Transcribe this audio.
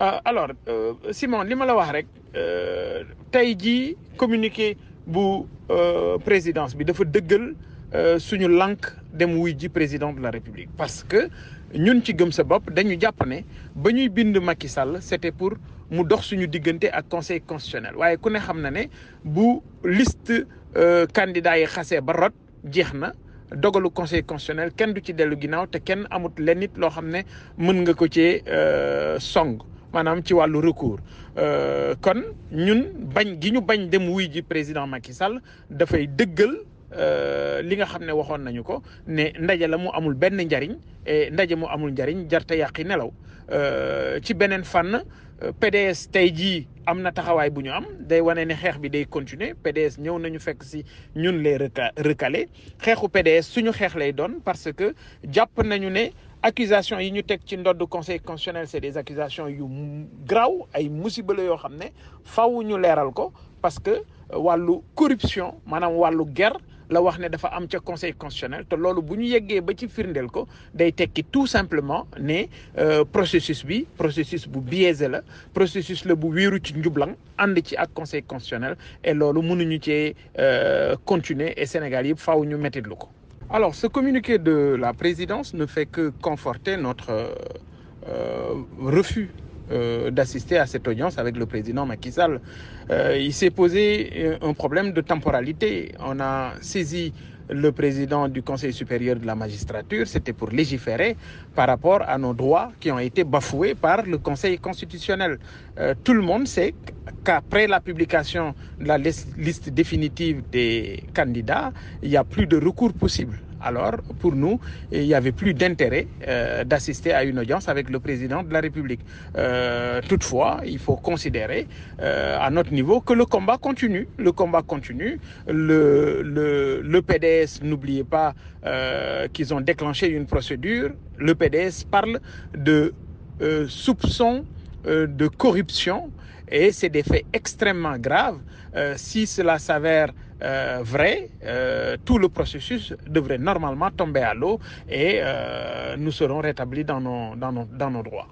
Euh, alors euh, Simon li la wax rek euh, tey jii communiqué bu présidence bi dafa dëggal suñu lank dem wuy ji président de la république parce que ñun ci gëm sa bop dañu japp né bañuy bind Macky Sall c'était pour mu dox suñu digënté ak conseil constitutionnel waye ku ne xamna né bu liste candidat yi xasee ba rot jeex dogalu conseil constitutionnel kenn du ci delu ginnaaw te kenn amut lenn nit loo xam mën nga ko euh, song manam ci walu recours euh, kon ñun bañ giñu bañ dem wuy président Macky Sall euh li nga ne nañu ko ne ndaje la mu amul ben njariñ et ndaje mu amul njariñ nelaw euh, ci benen fan euh, PDS tay ji am taxaway taxawaay bu am day wone ne xex bi day continuer PDS ñew nañu fekk ci ñun les recaler xexu PDS suñu xex lay doon parce que japp nañu Accusations, yi ñu teg ci ndodd conseil constitutionnel c'est des accusations yu graw ay ñu parce que euh, la corruption maanaam guerre la wax dafa am conseil constitutionnel te loolu bu ñu yeggee ba ci firndeel ko day tekki tout simplement euh, processus bi processus bu processus le bu ci njublang conseil constitutionnel et loolu mënuñu cee euh, continuer et Sénégal ñu alors, ce communiqué de la présidence ne fait que conforter notre euh, euh, refus euh, d'assister à cette audience avec le président Macky Sall. il s'est posé un problème de temporalité. On a saisi le président du Conseil supérieur de la magistrature, c'était pour légiférer par rapport à nos droits qui ont été bafoués par le Conseil constitutionnel. tout le monde sait qu'après la publication de la liste définitive des candidats, il n'y a plus de recours possible. Alors, pour nous, il n'y avait plus d'intérêt euh, d'assister à une audience avec le président de la République. Euh, toutefois, il faut considérer euh, à notre niveau que le combat continue. Le combat continue. Le, le, le PDS, n'oubliez pas qu'ils ont déclenché une procédure. Le PDS parle de soupçons euh, de corruption et c'est des faits extrêmement graves. Euh, si cela s'avère euh, vrai, tout le processus devrait normalement tomber à l'eau et nous serons rétablis dans dans nos droits.